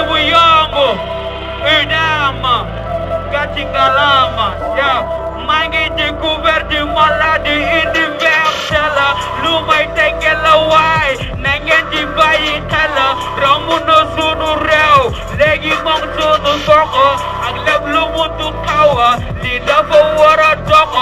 wajibu yongo idama eh, gati galama ya mangi découvert du maladie universel lu may tege la waay na ngeen di bàyyi na sunu réew léegi moom sunu gox ak lépp lu mu du xaw li dafa war a dox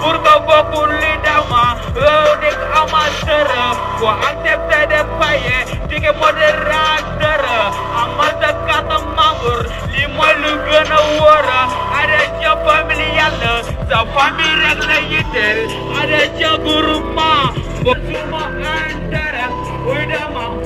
pour nga bokk li dama réew eh, nekk amateur wa Safamiran Ayitel, ada jago rumah, bersama antara, udah mampu.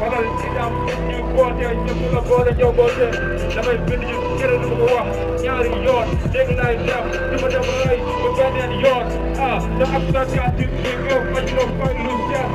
magal si am ñu boote ñu mu nga boote jow boote damay bind ñu kër lu ko wax ñaari yoon dégg laay dem i am sa kàddu di ko faj ko fay lu jar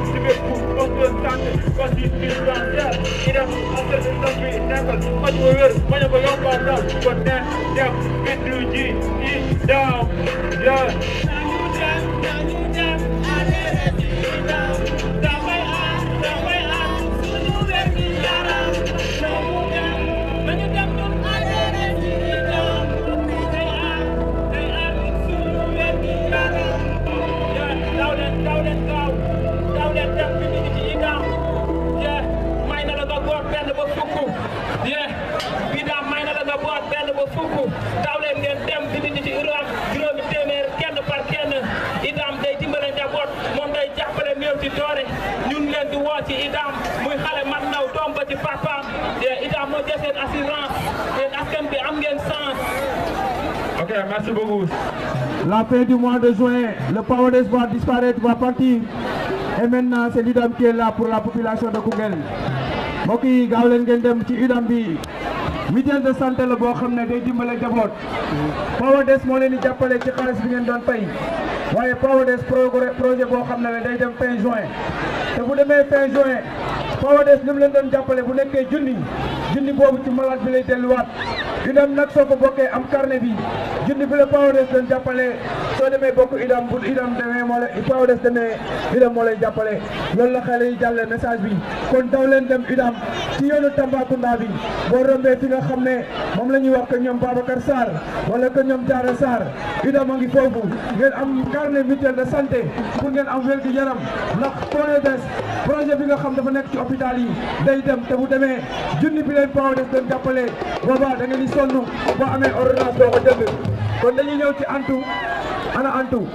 la de itam moo jël seen assurance seen askan bi am sens. ok merci beaucoup. la fin du mois de juin le PAODES va disparaître va partir et maintenant c'est l'IDAM qui est là pour la population de Koungheul mbokk yi gaaw leen ngeen dem ci UDAM bi. mutuelle de santé la boo xam ne day dimbale njaboot PAODES moo leen di jàppale ci xaalis bi ngeen doon fay waaye PAODES projet boo xam ne day dem fin juin te bu demee fin juin. Fawades li mu leen doon jàppale bu nekkee junni junni boobu ci malade bi lay delluwaat ñu dem nag soo ko bokkee am carnet bi junni bi la PAODES leen jàppale soo demee bokk idam bu idam demee moo lay PAODES demee idam moo lay jàppale loolu la xale yi jàlle message bi kon daw dem idam ci yoonu Tambacounda bi boo rombee fi nga xam ne moom la ñuy wax que ñoom Babacar Sarr wala que ñoom Diarra Sarr idam a ngi foofu ngeen am carnet mutuel de santé pour ngeen am wér gi yaram ndax PAODES projet bi nga xam dafa nekk ci hôpital yi day dem te bu demee junni bi leen PAODES leen jàppale booba da sonn boo amee ordonnance doo ko jënd kon dañuy ñëw ci antu ana antu